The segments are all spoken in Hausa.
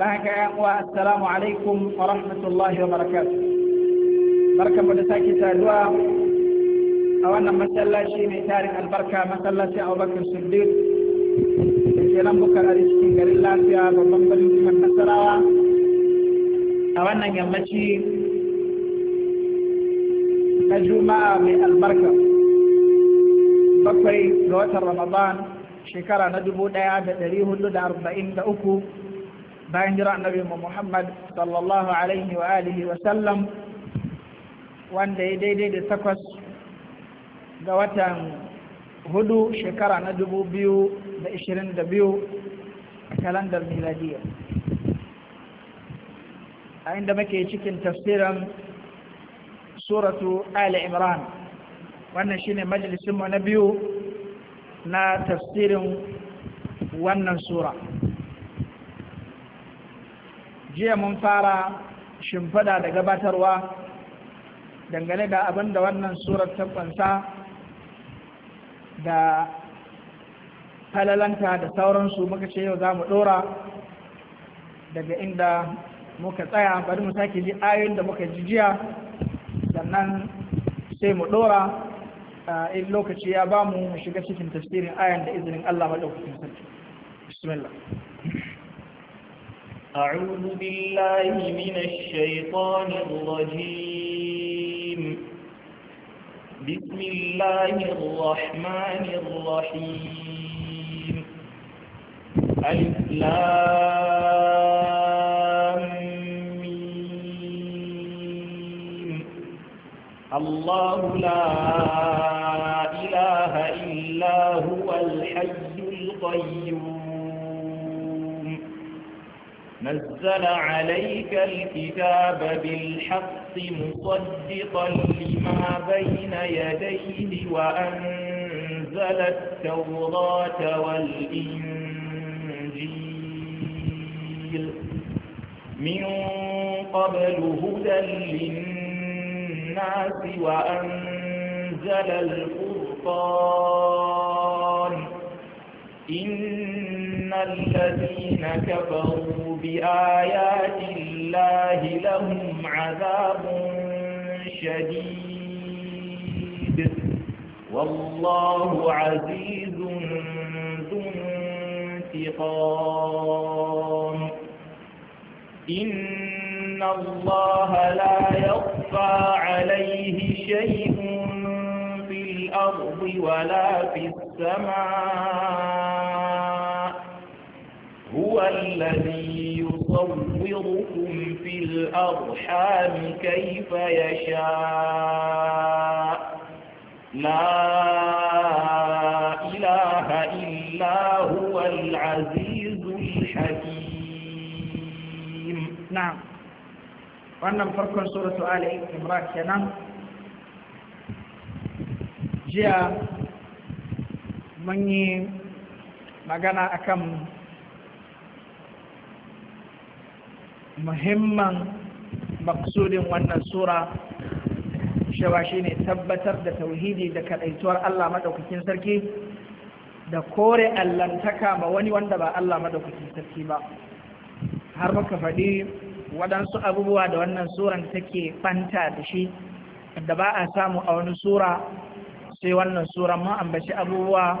بعكم والسلام عليكم ورحمة الله وبركاته بركة من ساكت الدعاء أو أن مسألة شيء مثار البركة مسألة أو بكر سديد كلام بكر أريش كير الله فيها ربما بلوكم مسألة أو أن يمشي نجوم من البركة بكر نوات رمضان شكرا ندبو دعاء دريه لدى أربعين دعوكم bayan jira annabi Muhammad sallallahu alaihi wa alihi wa sallam wanda ya daidai da takwas ga watan hudu shekara na dubu biyu da ishirin da biyu a kalandar miladiya a inda muke cikin tafsirin suratu ali imran wannan shine majalisinmu na biyu na tafsirin wannan sura jiya mun fara shimfada da gabatarwa dangane da abin da wannan surar kwansa da falalanta da sauransu muka ce yau za mu ɗora daga inda muka tsaya bari mu sake ji ayoyin da muka ji jiya sannan sai mu ɗora in lokaci ya ba mu shiga cikin tafsirin ayan da izinin Allah maɗaukakin sarki bismillah أعوذ بالله من الشيطان الرجيم بسم الله الرحمن الرحيم ألف الله لا إله إلا هو الحي القيوم نزل عليك الكتاب بالحق مصدقا لما بين يديه وأنزل التوراة والإنجيل من قبل هدى للناس وأنزل الفرقان إن الذين كفروا بآيات الله لهم عذاب شديد والله عزيز ذو انتقام إن الله لا يخفى عليه شيء في الأرض ولا في السماء هو الذي يصوركم في الأرحام كيف يشاء لا إله إلا هو العزيز الحكيم نعم وأنا مفرق سورة آل إمرأة كنام جاء مني magana akan muhimman maksudin wannan sura cewa shine tabbatar da tauhidi da kadaituwar Allah madaukakin sarki da kore allantaka ma wani wanda ba Allah madaukakin sarki ba har muka faɗi waɗansu abubuwa da wannan suran take fanta da shi da ba a samu a wani sura sai wannan sura mun ambaci abubuwa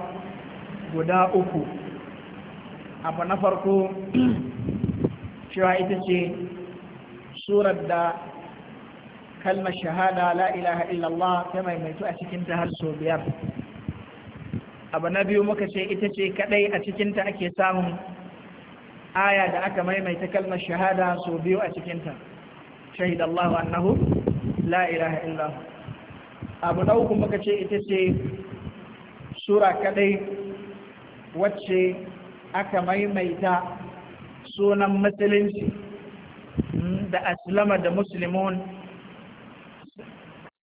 guda uku abu na farko cewa ita ce surar da kalmar shahada la ilaha illallah ta maimaitu a cikinta har sau biyar abu na biyu muka ce ita ce kadai a cikinta ake samun aya da aka maimaita kalmar shahada sau biyu a cikinta shahidallahu annahu la ilaha illahu abu na uku muka ce ita ce sura kadai wacce aka maimaita sunan musulunci hmm, da aslama da musulmun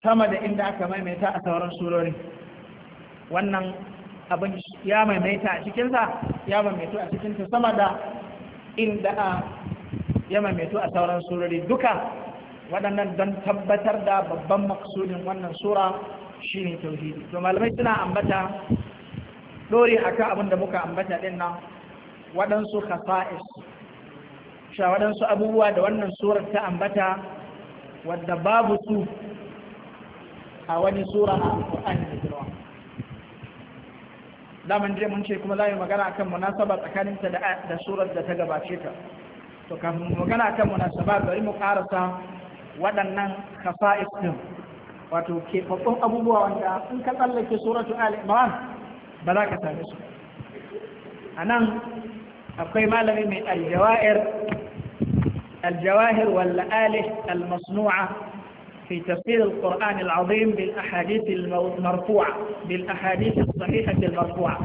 sama da inda aka maimaita a sauran surori wannan abin ya maimaita a cikinsa ya maimaito a cikinsa sama da inda ya maimaito a sauran surori duka waɗannan don tabbatar da babban maksudin wannan sura shine tauhidi to malamai suna ambata dore akan abin da muka ambata ɗin nan waɗansu kasa'is sha waɗansu abubuwa da wannan surar ta ambata wadda babu su a wani sura a Qur'ani da girma daman je mun ce kuma za mu magana akan munasaba tsakaninta da surar da ta gabace ta to kafin mu magana akan munasaba bari mu karasa waɗannan khasa'is din wato ke babban abubuwa wanda in ka tsallake suratu al-imran ba za ka same su anan أقول ما mai aljawa'ir الجواهر الجواهر والآله المصنوعة في تفسير القرآن العظيم بالأحاديث المرفوعة بالأحاديث الصحيحة المرفوعة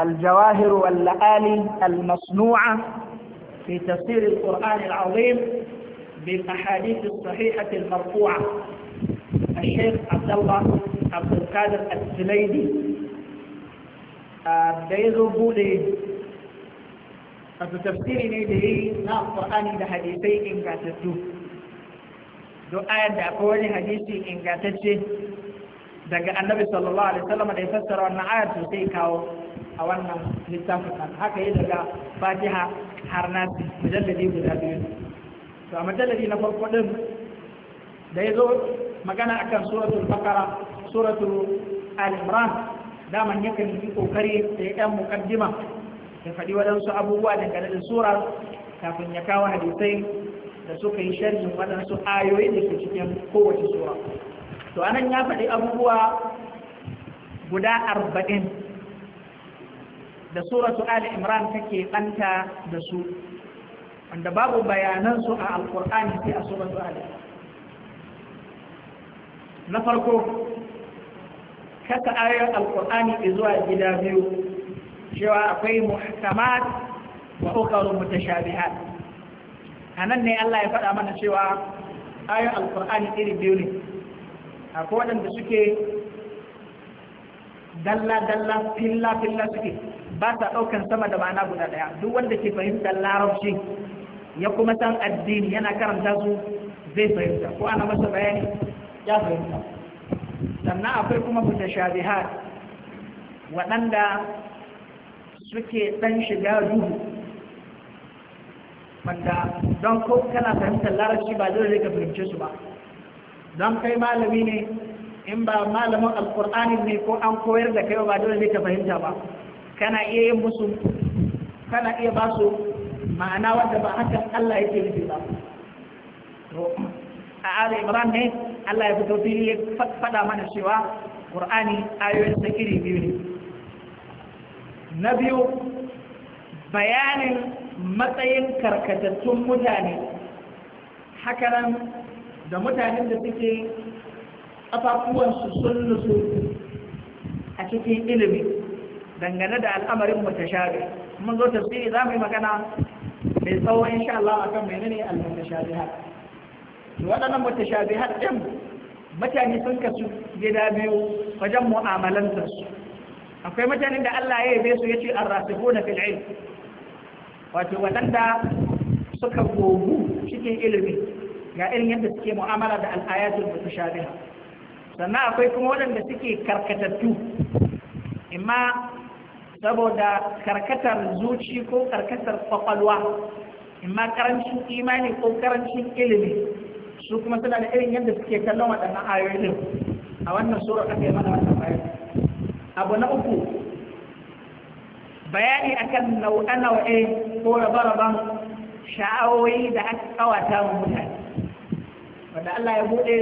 الجواهر والآله المصنوعة في تفسير القرآن العظيم بالأحاديث الصحيحة المرفوعة الشيخ عبد الله عبد القادر السليدي آه، بيزو بولي wato tafsiri ne da yayi na alqur'ani da hadisai ingantattu don ayar da akwai wani hadisi ingantacce daga annabi sallallahu alaihi wasallam da ya fassara wannan ayar to sai kawo a wannan littafin haka yi daga fatiha har nasi mujalladi guda biyu to a mujalladi na farko ɗin da ya zo magana akan suratul bakara suratul al-imran daman yakan yi kokari da ya dan muqaddima ya faɗi waɗansu abubuwa dangane da sura kafin ya kawo hadisai da suka yi sharhin waɗansu ayoyi da ke cikin kowace sura to anan ya faɗi abubuwa guda arba'in da suratu ali imran take ɓanta da su wanda babu bayanansu a Alƙur'ani sai a suratu ali na farko kasa ayoyin alkur'ani zuwa gida biyu cewa akwai muhkamat wa ukaru mutashabihat anan ne Allah ya faɗa mana cewa ayoyin alkur'ani iri biyu ne akwai waɗanda suke dalla-dalla filla-filla suke ba sa ɗaukan sama da ma'ana guda ɗaya duk wanda ke fahimtar larabci ya kuma san addini yana karanta su zai fahimta ko ana masa bayani ya fahimta sannan akwai kuma mutashabihat waɗanda suke ɗan shiga duhu wanda don ko kana fahimtar larabci ba zai ka fahimce su ba don kai malami ne in ba malamin alkur'ani ne ko an koyar da kai ba dole ne ka fahimta ba kana iya yin musu kana iya ba su ma'ana wanda ba hakan Allah yake nufi ba a Ali Imran ne Allah ya fito fili ya faɗa mana cewa Qur'ani ayoyin sa iri biyu ne na biyu bayanin matsayin karkatattun mutane hakanan da mutanen da suke ƙafafuwansu sun nutsu a cikin ilimi dangane da al'amarin mutashabi mun zo tafsiri za mu yi magana mai tsawo insha Allah akan menene al-mutashabihat to waɗannan mutashabihat din mutane sun kasu gida biyu wajen mu'amalantar su akwai mutanen da Allah ya yabe su yace ar-rasibuna fil ilm wato wadanda suka gogu cikin ilimi ga irin yadda suke mu'amala da al-ayatul mutashabiha sannan akwai kuma wadanda suke karkatattu imma saboda karkatar zuci ko karkatar kwakwalwa imma karancin imani ko karancin ilimi su kuma suna da irin yadda suke kallon waɗannan ayoyin a wannan sura aka yi mana wannan ayoyin abu na uku bayani akan nau'e-nau'e ko rabe-raben sha'awoyi da aka kawata wa mutane wanda Allah ya buɗe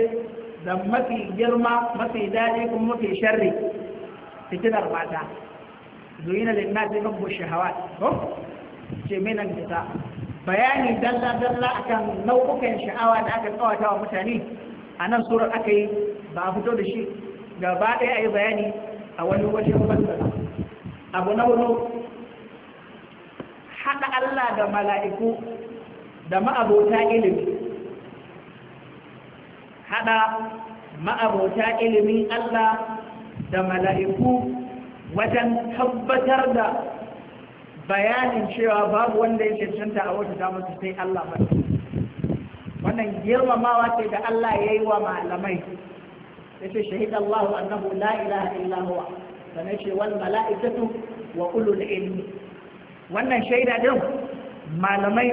da mafi girma mafi daɗi kuma mafi sharri fitinar mata ina zuyina linnati hubbu shahawat ko ce minan nisa bayani dalla dalla akan nau'ukan sha'awa da aka kawata wa mutane a nan surar aka yi ba a fito da shi gaba ɗaya a yi bayani a wani waje fassara abu na wani haɗa Allah da mala'iku da ma'abota ilimi haɗa ma'abota ilimin Allah da mala'iku wajen tabbatar da bayanin cewa babu wanda ya cancanta a wata ta masu sai Allah ba wannan girmamawa ce da Allah ya yi wa malamai yace shahida Allah annahu la ilaha illa huwa sannan ce wal mala'ikatu wa ulul ilmi wannan shaida din malamai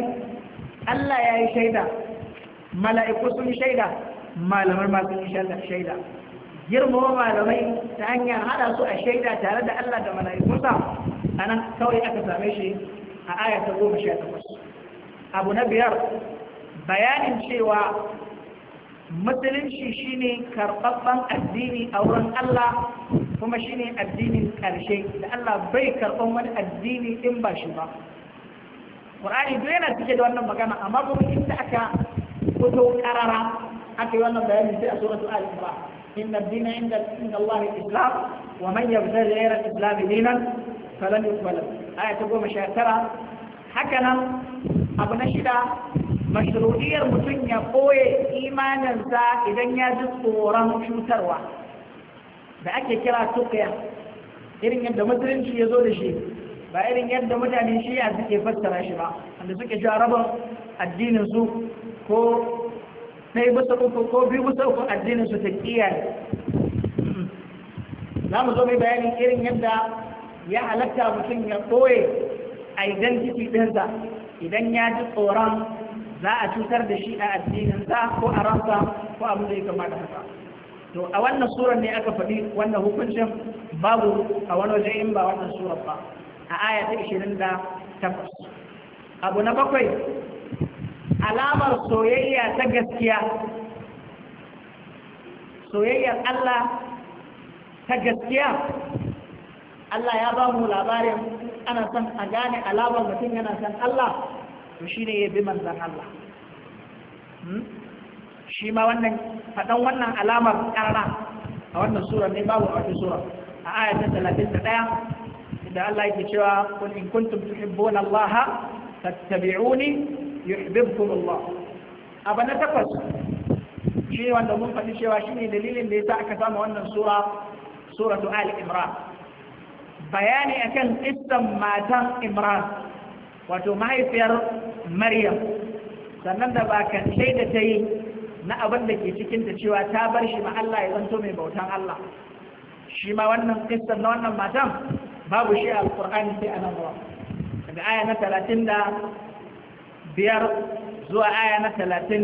Allah ya yi shaida mala'iku sun shaida malamar ma sun shaida girmama malamai ta hanyar hada su a shaida tare da Allah da mala'ikunsa a nan kawai aka same shi a ayata goma sha takwas abu na biyar bayanin cewa musulunci shine karɓaɓɓen addini a wurin Allah kuma ne addinin ƙarshe da Allah bai karɓan wani addini in ba shi ba Qur'ani duk yana cike da wannan magana amma kuma inda aka fito karara aka yi wannan bayanin sai a suratul al-imran إن الدين عند عند الله الإسلام ومن يبتغي غير الإسلام دينا فلن يقبل آية تقوم شاكرة abu na shida. mashruɗiyar mutum ya koye imaninsa idan ya ji tsoron cutarwa da ake kira tukiya irin yadda musulunci ya zo da shi ba irin yadda mutane shiya suke fassara shi ba wanda suke sha rabin addinin su ko ɗaya bisa uku ko biyu bisa uku addinin su ta kiyaye za mu zo mai bayanin irin yadda ya halatta mutum ya koye identity ɗinsa idan ya ji tsoron za a cutar da shi a addininsa ko a ransa ko abin da ya kamata haka to a wannan surar ne aka faɗi wannan hukuncin babu a wani waje in ba wannan surar ba a aya ta Ishirin da takwas. abu na bakwai alamar soyayya ta gaskiya soyayyar Allah ta gaskiya Allah ya ba mu labarin ana son a gane alamar mutum yana son Allah to shi ne ya bi manzan Allah hmm? shi ma wannan faɗan wannan alamar ƙarra a wannan sura ne babu a wata sura a ayatun talatin da ɗaya da Allah yake cewa kun in kuntum tuhibbuna Allah fattabi'uni yuhibbukum Allah abu na takwas shi wanda mun faɗi cewa shi ne dalilin da yasa aka samu wannan sura suratu Ali Imran bayani akan kissan matan Imran wato mahaifiyar maryam sannan da bakan shaida ta yi na abin da ke cikinta cewa ta bar shi ma Allah ya zanto mai bautan Allah shi ma wannan kistan na wannan matan babu shi a alƙur'ani sai a nan ruwa daga aya na talatin da biyar zuwa aya na talatin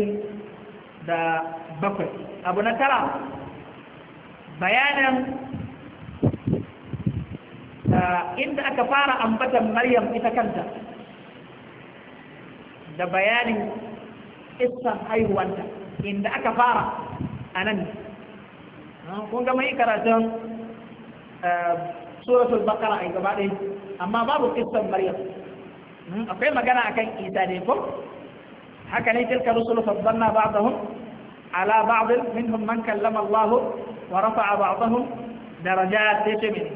da bakwai abu na tara bayanin da ah, inda aka fara ambatan maryam ita kanta da bayanin issan haihuwanta inda aka fara a nan kun gama yi karatun suratul bakara a gaba ɗaya amma babu issan maryam akwai magana akan isa ne ko haka ne tilka rusulu faddalna ba'dahum ala ba'd minhum man kallama Allah wa rafa'a ba'dahum darajat tayyibin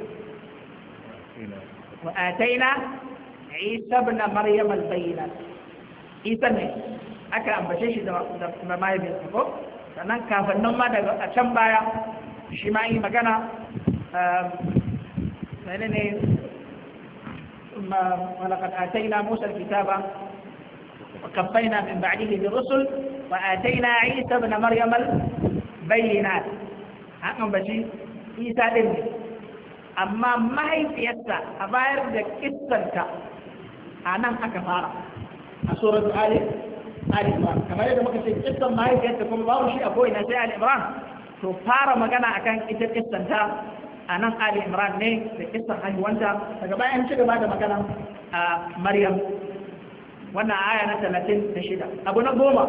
wa ataina عيسى ابن مريم البينات isa ne aka ambace shi da mahaifinsa ko sannan kafin nan ma daga a can baya shi ma yi magana um, mene ne ولقد آتينا موسى الكتاب وكفينا من بعده بالرسل وآتينا عيسى ابن مريم البينات hakan bashi isa din ne amma mahaifiyarsa a bayar da kistanta a nan aka fara a suratu ali ali imran kamar yadda muka ce kissan mahaifiyarta kuma babu shi a ko'ina sai ali imran to fara magana akan ita kissan ta a nan ali imran ne da kissan haihuwanta daga bayan ci gaba da magana a maryam wannan aya na talatin da shida abu na goma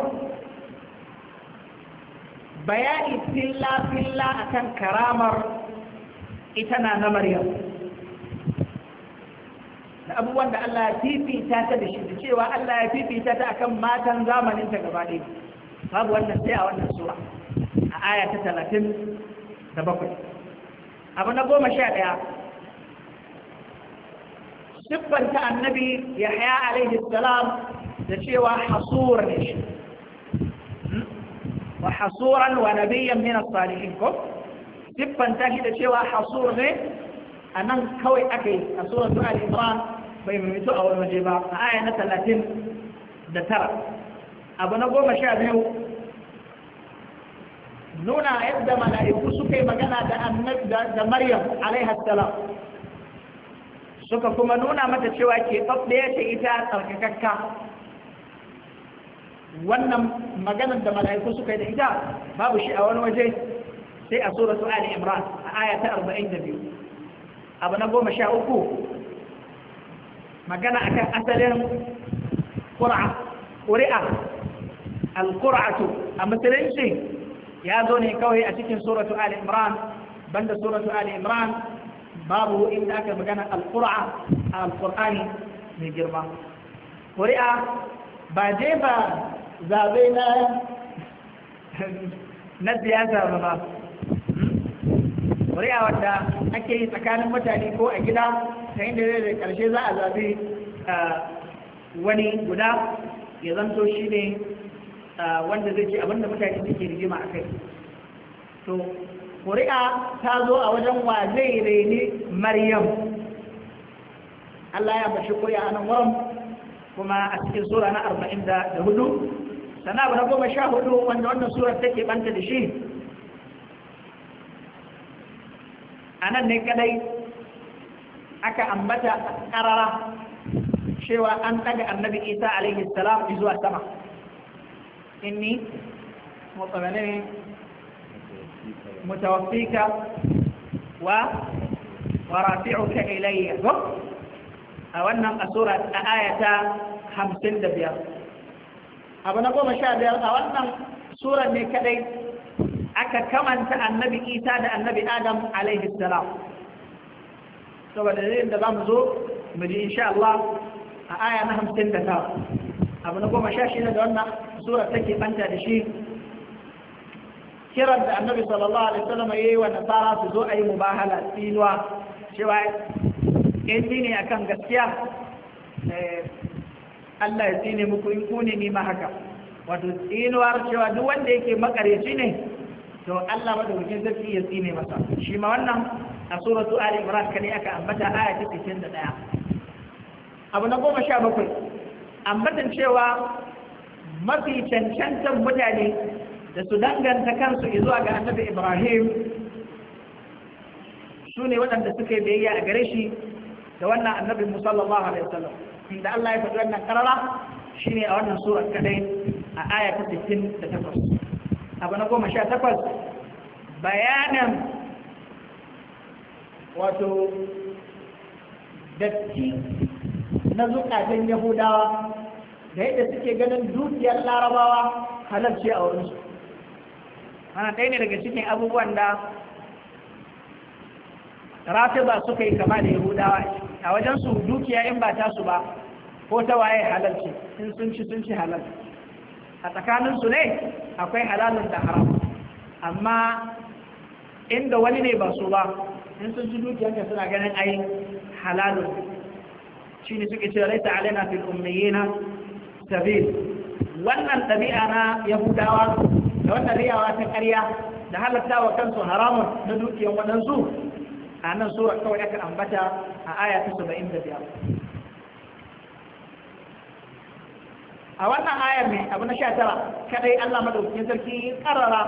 bayani filla filla akan karamar ita na na maryam da abubuwan da Allah ya fifita ta da shi da cewa Allah ya fifita ta akan matan zamanin ta gaba ɗaya babu wannan sai a wannan sura a aya ta talatin da bakwai abu na goma sha ɗaya siffanta annabi yahya alaihi salam da cewa hasur ne shi wa hasuran wa nabiyyan min as-salihin ko siffanta shi da cewa hasur ne a nan kawai aka yi a suratu al-imran bai maimaito a wani waje ba a aya na talatin da tara abu na goma sha biyu nuna yadda mala'iku suka yi magana da annabi da maryam alaihi salam suka kuma nuna mata cewa ke ɗaya ce ita tsarkakakka wannan maganar da mala'iku suka yi da ita babu shi a wani waje sai a suratu ali imran a aya ta 42 abu na goma sha uku magana akan asalin ƙuri'a al-ƙura'atu a musulunci ya zo ne kawai a cikin suratu ali imran banda suratu ali imran babu inda aka magana al-ƙura'a a al-ƙur'ani mai girma ƙuri'a ba je ba zaɓe na na siyasa ba Kuri'a wadda ake yi tsakanin mutane ko a gida ta inda zai da karshe za a wani guda ya zanto shi ne wanda zai ce abinda mutane suke rigima a kai to ƙuri'a ta zo a wajen wa zai reni maryam Allah ya bashi ƙuri'a nan wurin kuma a cikin sura na arba'in da sana abu na goma sha hudu wanda wannan surar take banta da shi a nan ne kadai aka ambata karara cewa an daga annabi isa alaihi salam zuwa sama inni mutsamane mutawaffika wa warafi'uka ilayya a wannan asura a ayata hamsin da biyar abu na goma sha biyar a wannan surar ne kadai aka kamanta annabi isa da annabi adam alaihi salam saboda dalilin da za mu zo mu ji insha Allah a aya na hamsin da ta abu na goma sha shida da wannan sura take banta da shi kiran da annabi sallallahu alaihi wasallam ya yi wa nasara su zo a yi mubahala tsinuwa cewa ƙinci ne akan gaskiya eh, Allah ya tsine muku in ku ni ma haka wato tsinuwar cewa duk wanda yake makareci ne to Allah da wuce zafi ya tsine masa shi ma wannan a suratu ali imran kane aka ambata aya ta 61 abu na goma sha bakwai ambatan cewa mafi cancantar mutane da su danganta kansu zuwa ga annabi ibrahim su ne waɗanda suka yi biyayya a gare shi da wannan annabi musallallahu alaihi wasallam inda Allah ya faɗi wannan karara shine a wannan sura kadai a aya ta 68 abu na goma sha takwas bayanan wato datti na zukatan yahudawa da yadda suke ganin dukiyar larabawa halarci a su ana ɗaya ne daga cikin abubuwan da rafiba suka yi kama da yahudawa a wajen su dukiya in ba tasu ba ko ta waye halarci in sun ci sun ci halarci a tsakanin su ne akwai halalin da haram amma inda wani ne ba su ba in sun ji dukiyarka suna ganin ai halalin shi ne suke cewa laita alaina fil ummiyina sabil wannan ɗabi'a na yahudawa da wannan riyawa ta ƙarya da halatta wa kansu haramun na dukiyar waɗansu a nan sura kawai aka ambata a aya ta 75 a wannan ayar ne abu na sha tara kadai Allah madaukakin sarki karara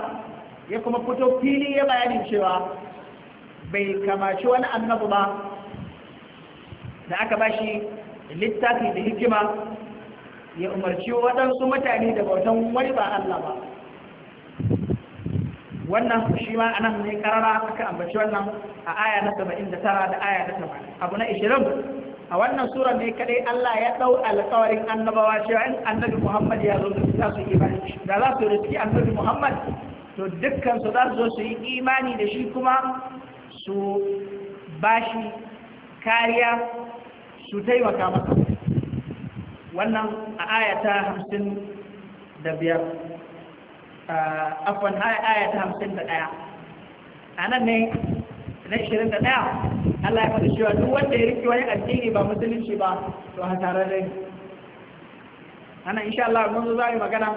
ya kuma fito fili ya bayanin cewa bai kamaci wani annabu ba da aka bashi littafi da hikima ya umarci waɗansu mutane da bautan wani ba Allah ba wannan shi ma anan ne karara aka ambaci wannan a aya na 79 da aya na 80 abu na 20 a wannan sura ne kadai Allah ya dau alƙawarin annabawa cewa in annabi Muhammad ya zo za su imani da za su riski annabi Muhammad to dukkan su za su zo su yi imani da shi kuma su bashi kariya su taimaka masa wannan a ayata hamsin da biyar afon ayata hamsin da ɗaya a nan ne na da ɗaya Allah ya faɗi cewa duk wanda ya rike wani addini ba musulunci ba to ni? ana insha Allah mun zo za mu magana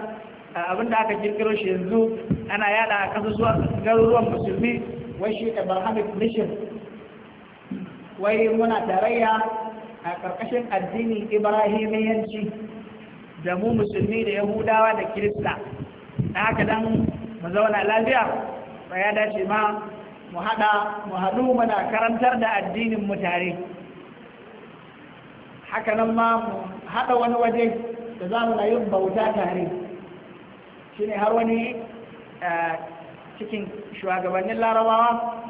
abin da aka kirkiro shi yanzu ana yada a zuwa garuruwan musulmi wai shi abrahamic mission wai muna tarayya a ƙarƙashin addini ibrahimiyanci da mu musulmi da yahudawa da kirista da haka dan mu zauna lafiya ba ya dace ma mu haɗa mu haɗu muna karantar da addinin mu tare haka nan ma mu haɗa wani waje da za mu yin bauta tare shi ne har wani cikin shugabannin larabawa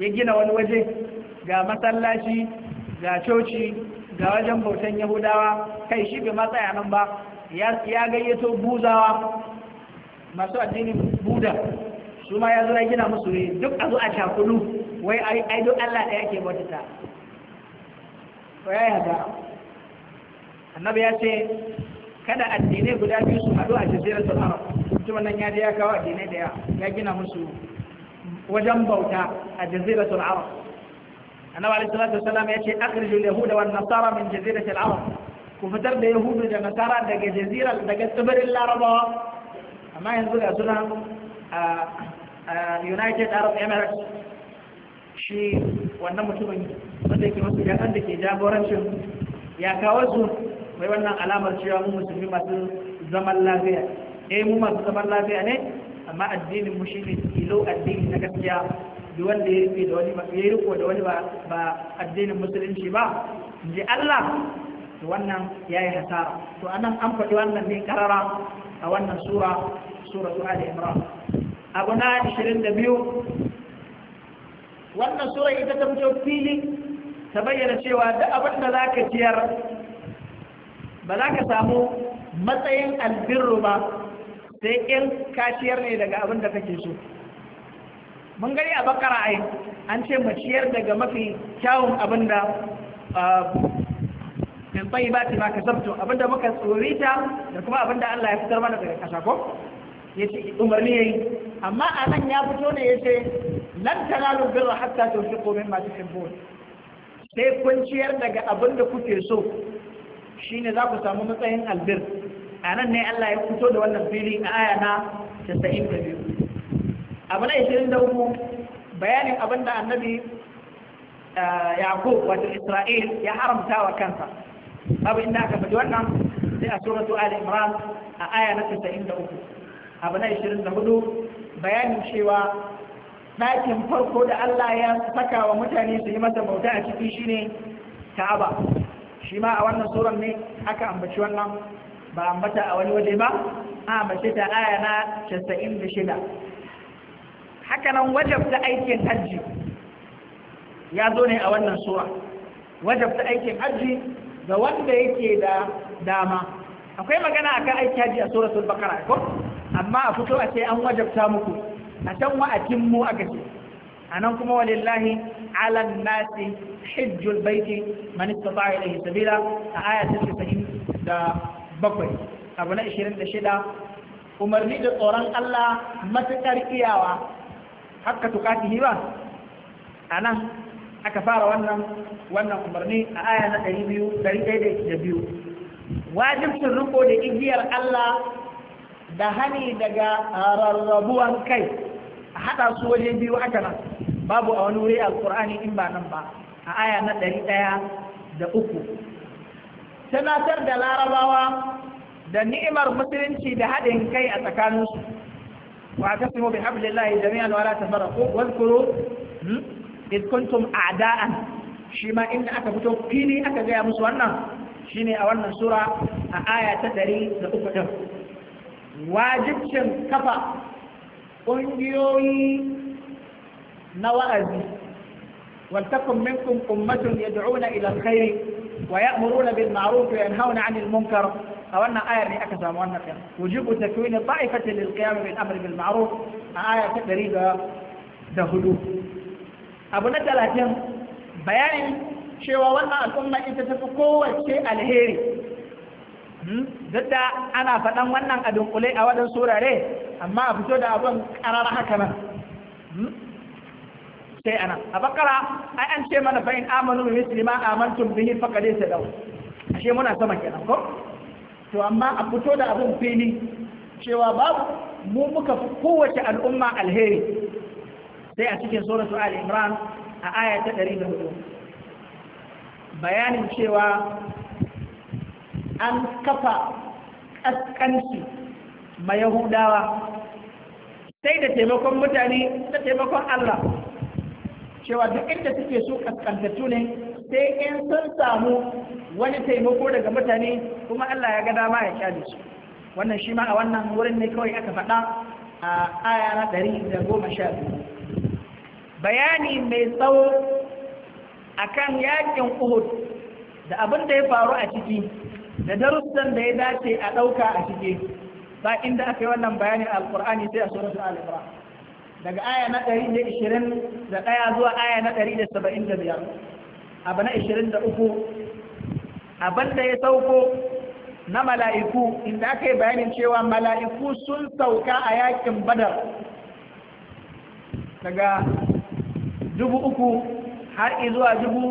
ya gina wani waje ga masallaci ga coci ga wajen bautan yahudawa kai shi bai matsaya nan ba ya gayyato buzawa masu addinin buda su ma ya zo gina musu ne duk a zo a cakulu wai ai duk Allah ɗaya ke bautata to ya yi haka annabi ya ce kada addinai guda biyu su haɗu a jaziratul arab mutumin nan ya je ya kawo addinai da ya gina musu wajen bauta a jaziratul arab annabi alaihi salatu wasallam ya ce akhrijul yahuda wan nasara min jaziratul arab ku fitar da yahudu da nasara daga jazirar daga tsibirin larabawa amma yanzu ga suna a Uh, united arab emirates shi wannan mutumin wanda ke wasu jakan da ke jagorancin ya kawo su mai wannan alamar cewa mu musulmi masu zaman lafiya eh mu masu zaman lafiya ne amma addinin mu shi ne ilo addini na gaskiya da wanda ya rufe da wani ba ya riko da wani ba addinin musulunci ba inji Allah to wannan yayi hasara to anan an faɗi wannan ne karara a wannan sura sura Ali Imran abu na 22 wannan sura ita ta fito fili ta bayyana cewa da abin da za ka ciyar ba za ka samu matsayin albirru ba sai in ka ciyar ne daga abin da kake so mun gani a bakara ai an ce mu ciyar daga mafi kyawun abin da min tsayi ba ta maka zabto abin da muka tsorita da kuma abin da Allah ya fitar mana daga ƙasa ko ya ce umarni ya yi amma a nan ya fito ne ya ce lan tanalu birra hatta tunfiqu mimma tuhibbun sai kun ciyar daga abin da kuke so shine za ku samu matsayin albir a nan ne Allah ya fito da wannan fili a aya na 92 abu na 23 bayanin abin da annabi Yaqub wato Isra'il ya haramta wa kansa abu inda aka faɗi wannan sai a suratu Ali Imran a aya na 93 abu na 24 bayanin cewa ɗakin farko da Allah ya saka wa mutane su yi masa bauta a ciki shine Ka'aba shi ma a wannan suran ne aka ambaci wannan ba ambata a wani waje ba a ambace ta aya na 96 haka nan wajabta aikin hajji ya zo ne a wannan sura wajabta aikin hajji ga wanda yake da dama akwai magana akan aiki hajji a suratul baqara ko amma a fito a ce an wajabta muku a can wa a timmu a nan kuma walillahi alan nasi hijjul baiti man istata ilayhi sabila a aya ta 97 abu na 26 umarni da tsoron Allah matakar iyawa haka tukatihi ba a nan aka fara wannan wannan umarni a aya na 200 102 wajibcin riko da igiyar Allah da hani daga rarrabuwan kai a haɗa su waje biyu haka nan babu a wani wuri alkur'ani in ba nan ba a aya na ɗari ɗaya da uku tunatar da larabawa da ni'imar musulunci da haɗin kai a tsakaninsu wa ta simo bi hablillahi jami'an wala tafarraqu wadhkuru hmm, id kuntum a'da'an shi ma inda aka fito fili aka gaya musu wannan shine a wannan sura a aya ta ɗari da uku ɗin wajibcin kafa ƙungiyoyi na wa'azi waltakun minkum ummatun yad'una ila alkhairi wa ya'muruna bil ma'ruf wa yanhauna 'anil munkar a wannan ayar ne aka samu wannan kan wujubu takwin ta'ifati lil qiyam bil amr bil ma'ruf a aya ta 104 abu na 30 bayanin cewa wannan al'umma ita tafi kowace alheri Hmm? duk da ana faɗan wannan a dunkule a waɗin surare amma a fito da abin ƙarar haka nan hmm? sai ana a bakara ai an ce mana fa'in amanu bi misli ma amantum bihi faqad A ashe muna sama kenan ko to amma a fito da abin fili cewa babu mu muka fi kowace al'umma alheri sai a cikin suratu ali imran a aya ta 104 bayanin cewa an kafa ƙasƙanci ma yahudawa sai da taimakon mutane da taimakon Allah cewa duk inda suke so ƙasƙantattu ne sai in sun samu wani taimako daga mutane kuma Allah ya ga dama ya kyale su wannan shi ma a wannan wurin ne kawai aka faɗa a aya na ɗari da goma sha biyu bayani mai tsawo akan yakin uhud da abin da ya faru a ciki da darussan da ya dace a ɗauka a cike ba inda aka yi wannan bayanin alkur'ani sai a suratul al-imran daga aya na 121 zuwa aya na 175 abu na 23 abin da ya sauko na mala'iku inda aka yi bayanin cewa mala'iku sun sauka a yakin badar daga dubu uku har izuwa dubu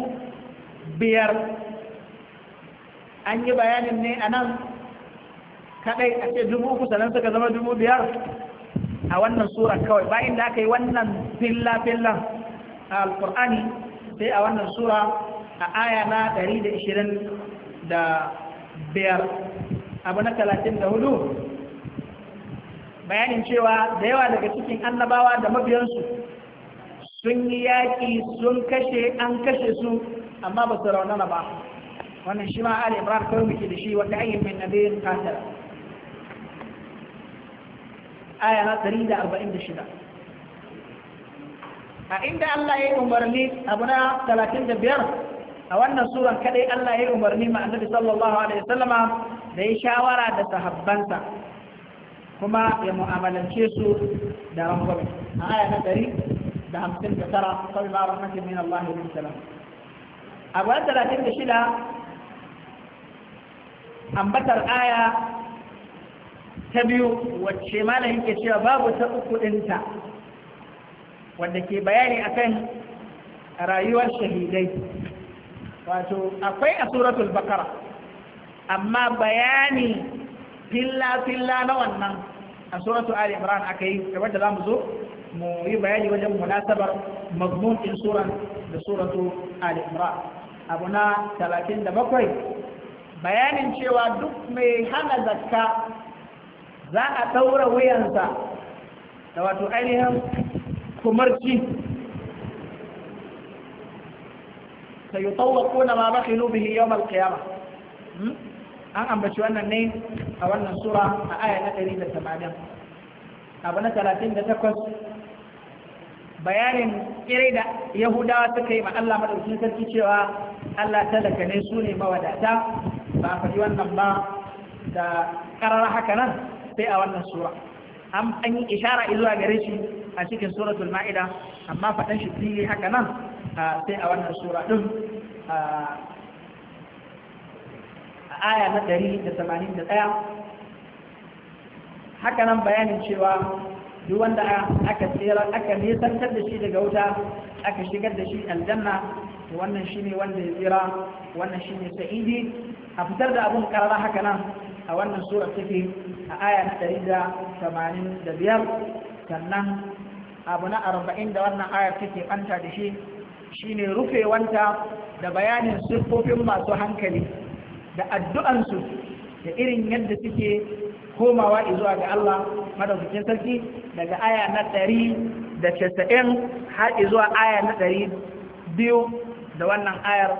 biyar an yi bayanin ne a nan kaɗai a ce dubu uku sannan suka zama dubu biyar a wannan sura kawai bayan da aka yi wannan filla a alkur'ani sai a wannan sura a aya na ɗari da ishirin da biyar abu na talatin da hudu bayanin cewa da yawa daga cikin annabawa da mabiyansu sun yi yaƙi sun kashe an kashe su amma ba su raunana ba wannan shi ma ali imran kawai muke da shi wanda ayyin min nabiyin qatala aya na 146 a inda Allah ya yi umarni abu na 35 a wannan suran kadai Allah ya yi umarni ma annabi sallallahu alaihi wasallama da ya shawara da sahabbansa kuma ya mu'amalance su da rangwame a aya na 159 sabi ma rahmatin min Allah ya yi salam abu na 36 ambatar aya ta biyu wacce malam yake cewa babu ta uku ɗinta wanda ke bayani akan rayuwar shahidai wato akwai a suratul bakara amma bayani filla-filla na wannan a suratul ali imran aka yi kamar da za mu zo mu yi bayani wajen munasabar mazmun din suran da suratul ali imran abu na 37 bayanin cewa duk mai hana zakka za a ɗaura wuyansa da wato ainihin kumarci ta yi ko na ma baki nubihi yau malkiyama hmm? an ambaci wannan ne a wannan sura a aya na 180 abu na 38 bayanin irai da yahudawa suka yi ma Allah madaukin sarki cewa Allah talaka ne su ne mawadata ba faɗi wannan ba da ƙarar haka nan sai a wannan sura an yi ishara izuwa gare shi a cikin suratul ma'ida amma faɗan shi fili haka nan sai a wannan sura ɗin a aya na ɗari da tamanin da ɗaya haka nan bayanin cewa duk wanda aka tsira aka nisantar da shi daga wuta aka shigar da shi aljanna wannan shine wanda ya tsira wannan shine sa'idi a fitar da abun karara haka nan a wannan sura take a aya na ɗari da tamanin da biyar sannan abu na arba'in da wannan ayar take fanta da shi shine wanta da bayanin siffofin masu hankali da addu'ansu da irin yadda suke komawa zuwa ga Allah madaukakin sarki daga aya na ɗari da casa'in har zuwa aya na ɗari biyu da wannan ayar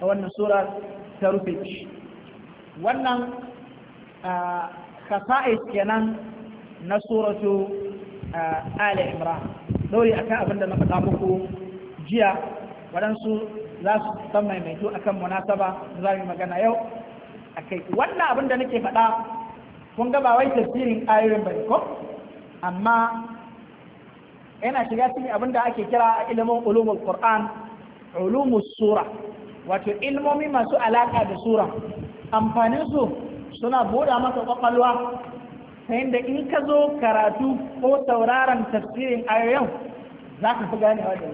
da wannan sura ta rufe wannan kasa'is kenan na suratu ali imran dori akan abin da na faɗa muku jiya waɗansu za su san maimaito akan munasaba za mu magana yau akai wannan abin da nake faɗa kun ga ba wai tafsirin ayoyin bane ko amma yana shiga cikin abin da ake kira ilimin ulumul qur'an ulumus sura wato ilmomi masu alaka da sura amfanin su suna buɗa maka kwakwalwa ta yadda in ka zo karatu ko sauraron tafsirin ayoyin za ka fi ganewa da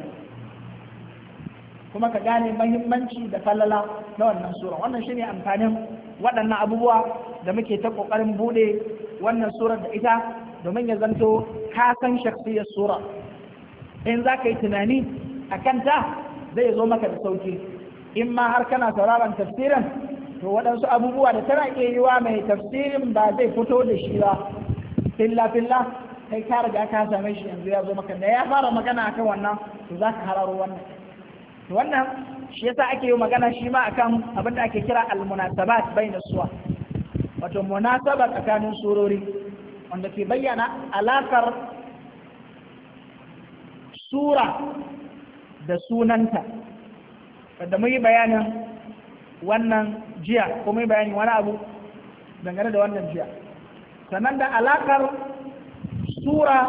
kuma ka gane mahimmanci da falala na wannan sura wannan shine amfanin waɗannan abubuwa da muke ta ƙoƙarin buɗe wannan surar da ita domin ya zanto ka san shakhsiyar sura in za ka yi tunani a kanta zai zo maka da sauki in ma har kana sauraron tafsirin to waɗansu abubuwa da tana iya mai tafsirin ba zai fito da shi ba filla filla kai ka riga ka same shi yanzu ya zo maka da ya fara magana akan wannan to za ka hararo wannan to wannan shi yasa ake yi magana shi ma akan abin da ake kira almunasabat baina suwa wato munasaba tsakanin surori wanda ke bayyana alakar sura da sunanta da mu yi bayanin wannan jiya ko mai bayani wani abu dangane da wannan jiya sannan da alakar sura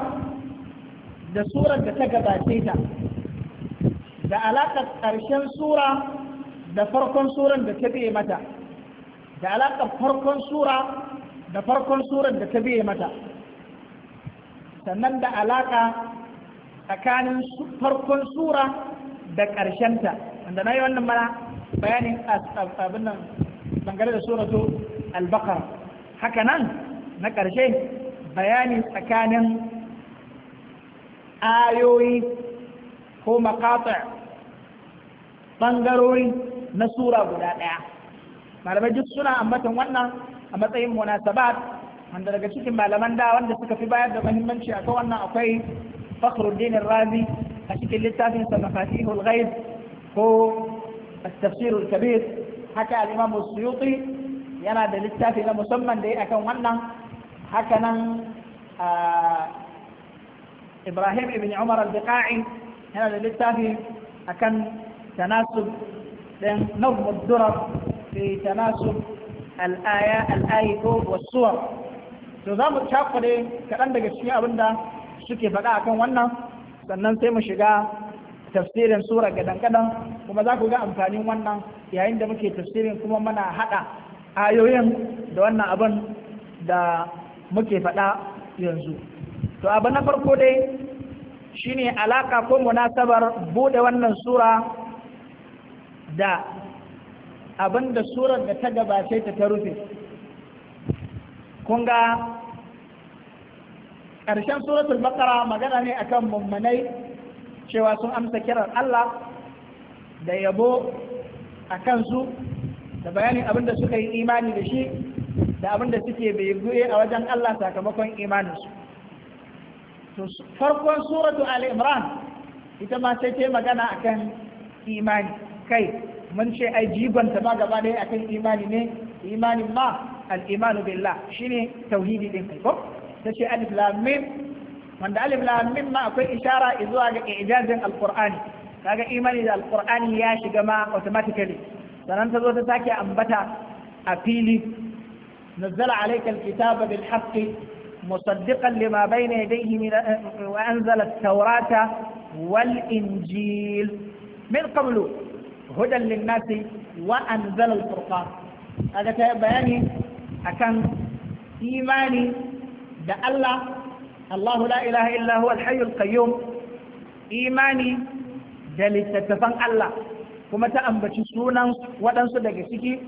da surar da ta gabace ta da alakar ƙarshen sura da farkon suran da ta biye mata da alakar farkon sura da farkon surar da ta biye mata sannan da alaka tsakanin farkon sura da ƙarshenta wanda na yi wannan mana بيان أبنا من قرأت سورة البقرة حكنا نقر شيء بيان سكان آيوي هو مقاطع بنغروي نسورة بلاتع ما لم يجد سنة أمتهم وانا أمتهم مناسبات عند رجسيك ما لم ندع وانا سك في بعض من منشئ كوننا أقي فخر الدين الرازي أشيك اللي تافين سمفاتيه الغيب هو التفسير الكبير حكى الإمام السيوطي ينا دلتاف إلى مسمى دي أكون ونن حكنا آه إبراهيم بن عمر البقاعي هنا للتاف أكن تناسب نظم الدرر في تناسب الآية الآية والصور to za mu cakuɗe kaɗan daga cikin abin da suke faɗa akan wannan sannan sai mu shiga tafsirin sura gadan gadan kuma za ku ga amfanin wannan yayin da muke tafsirin kuma muna hada ayoyin da wannan abin da muke faɗa yanzu to abu na farko dai shine alaka ko munasabar bude wannan sura da abin da surar da ta gabace ta ta rufe kun ga ƙarshen suratul baqara magana ne akan mummunai cewa sun amsa kiran Allah da yabo a kansu da bayanin abin da suka yi imani da shi da abin da suke bai a wajen Allah sakamakon imaninsu to farkon suratu Ali imran ita ma sai ta magana akan imani kai mun ce ai jibanta ma gaba ɗaya akan imani ne imanin ma al-imanu billah shine tauhidi din kai ko ce alif lam mim wanda alif lam ma akwai ishara zuwa ga ijazin alqur'ani kaga imani da alqur'ani ya shiga ma automatically sanan ta zo ta sake ambata a fili nazzala alayka alkitaba bil haqqi musaddiqan lima bayna yadayhi wa anzala at-taurata wal injil min qablu hudan lin-nasi wa anzala al-furqan kaga ta bayani akan imani da Allah Allahu la ilaha illa huwa imani da littattafan Allah kuma ta ambaci sunan waɗansu daga ciki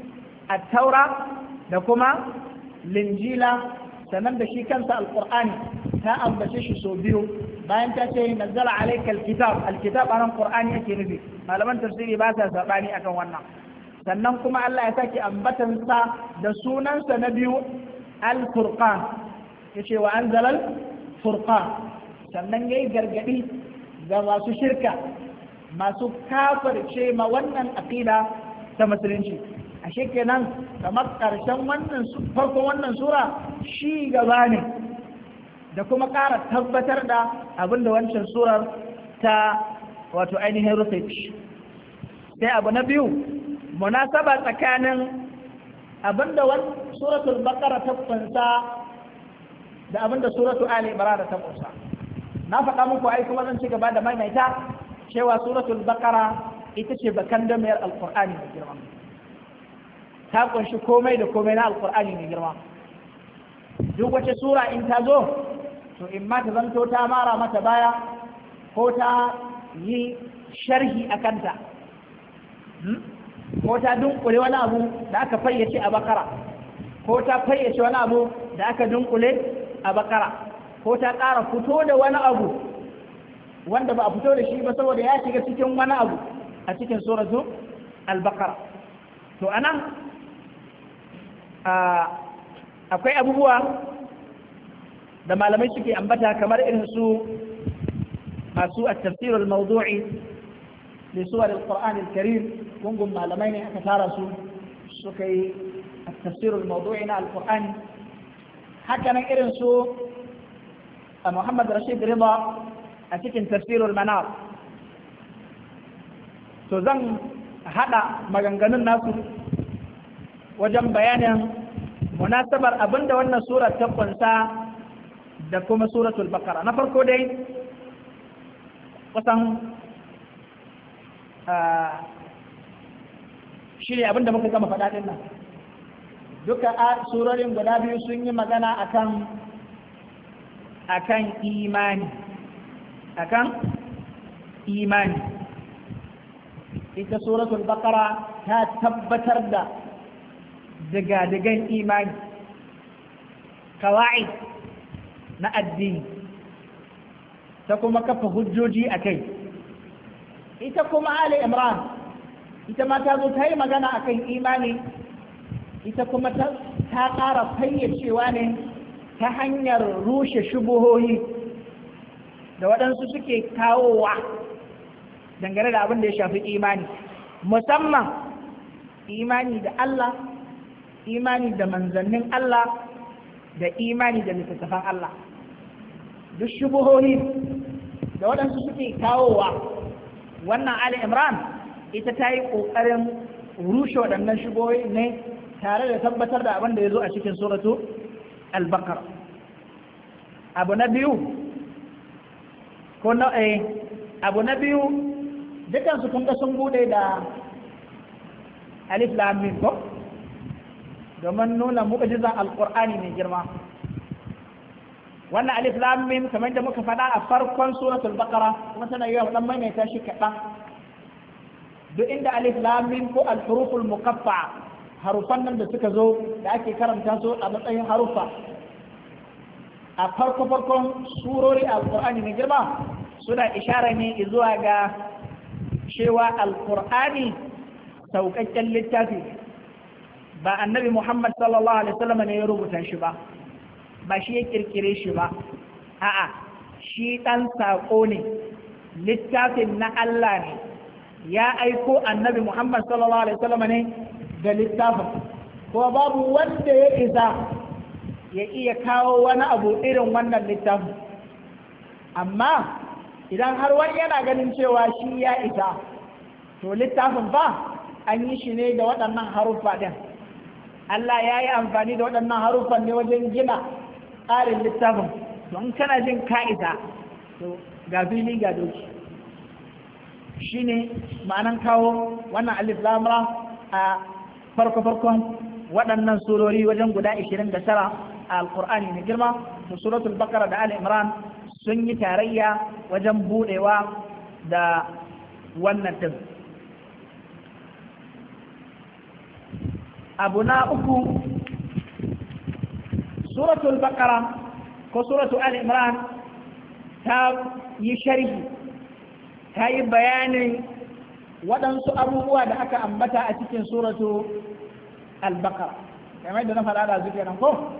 a taura da kuma linjila sannan da shi kansa alƙur'ani ta ambace shi sau biyu bayan ta ce nazzala alayka alkitab alkitab anan qur'ani yake nufi malaman tafsiri ba sa sabani akan wannan sannan kuma Allah ya saki ambatan da sunansa na biyu alfurqan yace wa anzalal furqan sannan yayi gargadi ga masu shirka masu kafarce ma wannan aqida ta musulunci ashe kenan kamar ƙarshen wannan wannan sura shi gaba ne da kuma ƙara tabbatar da abin da wancan surar ta wato ainihin rufe sai abu na biyu munasaba tsakanin abin da suratul baqara ta kunsa da abin da suratu ali imran ta kusa na faɗa muku ai kuma zan ci gaba da maimaita cewa suratul baqara ita ce bakan damayar alƙur'ani mai girma ta kunshi komai da komai na alƙur'ani mai girma duk wace sura in ta zo to in ma ta zanto ta mara mata baya ko ta yi sharhi a kanta hmm? ko ta dunkule wani abu da aka fayyace a bakara ko ta fayyace wani abu da aka dunkule a bakara ko ta ƙara fito da wani abu wanda ba a fito da shi ba saboda ya shiga cikin wani abu a cikin suratu al-baqara to anan akwai abubuwa da malamai suke ambata kamar irin su masu at-tafsir al-mawdu'i li suwar al-Qur'an al-Karim gungun malamai ne aka tara su suka yi at-tafsir mawdui na al-Qur'an Hakanan irin su a Muhammad Rashid Rima a cikin tafsirul manar to zan hada maganganun nasu wajen bayanin munasabar abinda wannan surar ta kunsa da kuma suratul bakara na farko dai kusan ah, shi ne abinda muka gama faɗaɗin nan duka a surorin guda biyu sun yi magana akan akan imani akan imani ita suratul baqara ta tabbatar da digadigan imani kawai na addini ta kuma kafa hujjoji a kai ita kuma ali imran ita ma ta zo ta yi magana akan imani ita kuma ta ƙara fayyacewa ne ta hanyar rushe shubuhohi da waɗansu suke kawowa dangane da abin da ya shafi imani musamman imani da Allah imani da manzannin Allah da imani da littattafan Allah duk shubuhohi da waɗansu suke kawowa wannan Ali Imran ita ta yi ƙoƙarin rushe waɗannan shubuhohi ne tare da tabbatar da abin da ya zo a cikin suratu al-baqara abu na biyu ko na eh, abu na biyu dukansu kun ga sun bude da alif lam ko domin nuna mu'jizan alqur'ani mai girma wannan alif lam mim kamar da muka faɗa a farkon suratul baqara kuma tana yi dan maimaita shi kaɗan duk inda alif lam ko al-huruful muqaffa harufan nan da suka zo da ake karanta su a matsayin harufa a farko farkon surori alkur'ani mai girma suna ishara ne zuwa ga cewa Alƙur'ani sauƙaƙƙen littafi ba annabi muhammad sallallahu alaihi wasallam ne ya rubuta shi ba ba shi ya ƙirƙire shi ba a'a shi ɗan saƙo ne littafin na allah ne ya aiko annabi muhammad sallallahu alaihi wasallam ne da littafin ko babu wanda ya isa ya iya kawo wani abu irin wannan littafin amma idan har wani yana ganin cewa shi ya isa to littafin ba an yi shi ne da waɗannan haruffa ɗin Allah ya yi amfani da waɗannan haruffan ne wajen gina ƙarin littafin don kana jin ka'ida to ga fili ga doki ne ma'anan kawo wannan alif lamra a farko-farkon waɗannan surori wajen guda 29 a alkur'ani na girma da suratul bakara da ali imran sun yi tarayya wajen buɗewa da wannan din abu na uku suratul bakara ko suratul ali imran ta yi sharhi ta yi bayanin waɗansu abubuwa da aka ambata a cikin suratu al-baqara kamar da na faɗa da zuke nan ko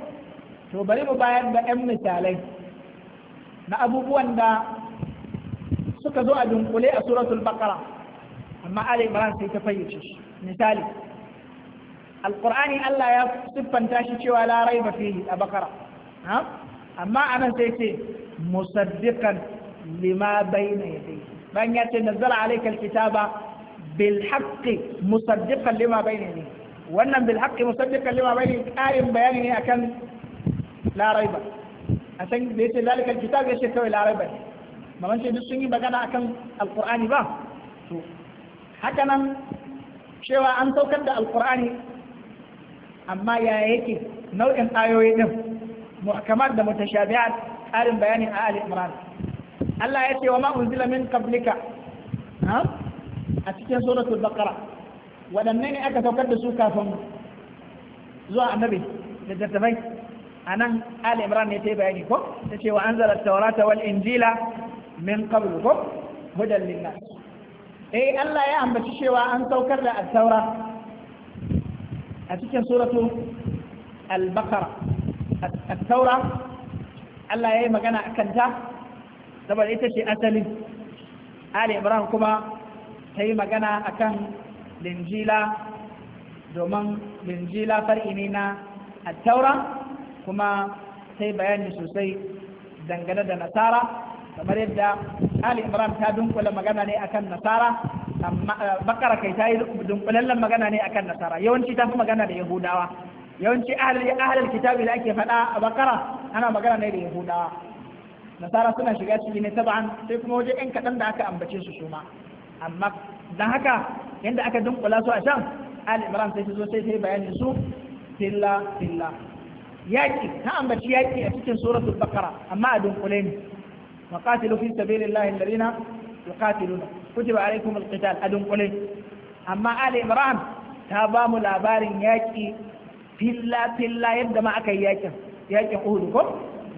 to bari mu bayar da 'yan misalai na abubuwan da suka zo a dunkule a suratul baqara amma ali imran sai ta fayyace shi misali alqur'ani Allah ya siffanta shi cewa la raiba fihi a baqara amma anan sai ce musaddiqan lima bayna yadayhi bayan ya ce nazzala alayka alkitaba bil wannan bil haqqi lima bayni ne akan la raiba a san da yace zalikal kitab yace kawai la raiba yi magana akan alqur'ani ba to haka an saukar da alqur'ani amma ya yake nau'in ayoyi din muhkamat da mutashabihat ƙarin bayani ali Allah ya ce wa ma unzila min a cikin suratul baqara waɗanne ne aka saukar da su kafin zuwa annabi da tattafai a nan ali imran ne ta yi bayani ko ta ce wa an zara taurata wal injila min qablu ko hudan linnas eh Allah ya ambaci cewa an saukar da at-taura a cikin suratu al-baqara at-taura Allah ya yi magana akan ta saboda ita ce asalin Ali Ibrahim kuma ta yi magana akan linjila domin linjila far'i ne na attaura kuma ta yi bayani sosai dangane da nasara kamar yadda ali imran ta dunkula magana ne akan nasara eh, bakara kai ta yi dunkulallen magana ne akan nasara yawanci ta fi magana da yahudawa yawanci ahalar kitabi da ake faɗa a bakara ana magana ne da yahudawa nasara suna shiga ciki ne taban sai kuma waje yan kaɗan da aka ambace su su ma amma dan haka yanda aka dunkula su a can Ali Imran sai zo sai sai bayanin su filla filla yaki ta ambaci yaki a cikin suratul bakara amma a dunkule ne wa fi sabilillahi alladhina yuqatiluna kutiba alaykum alqital a dunkule amma Ali Imran ta ba mu labarin yaki filla filla yadda ma aka yi yakin yakin Uhud ko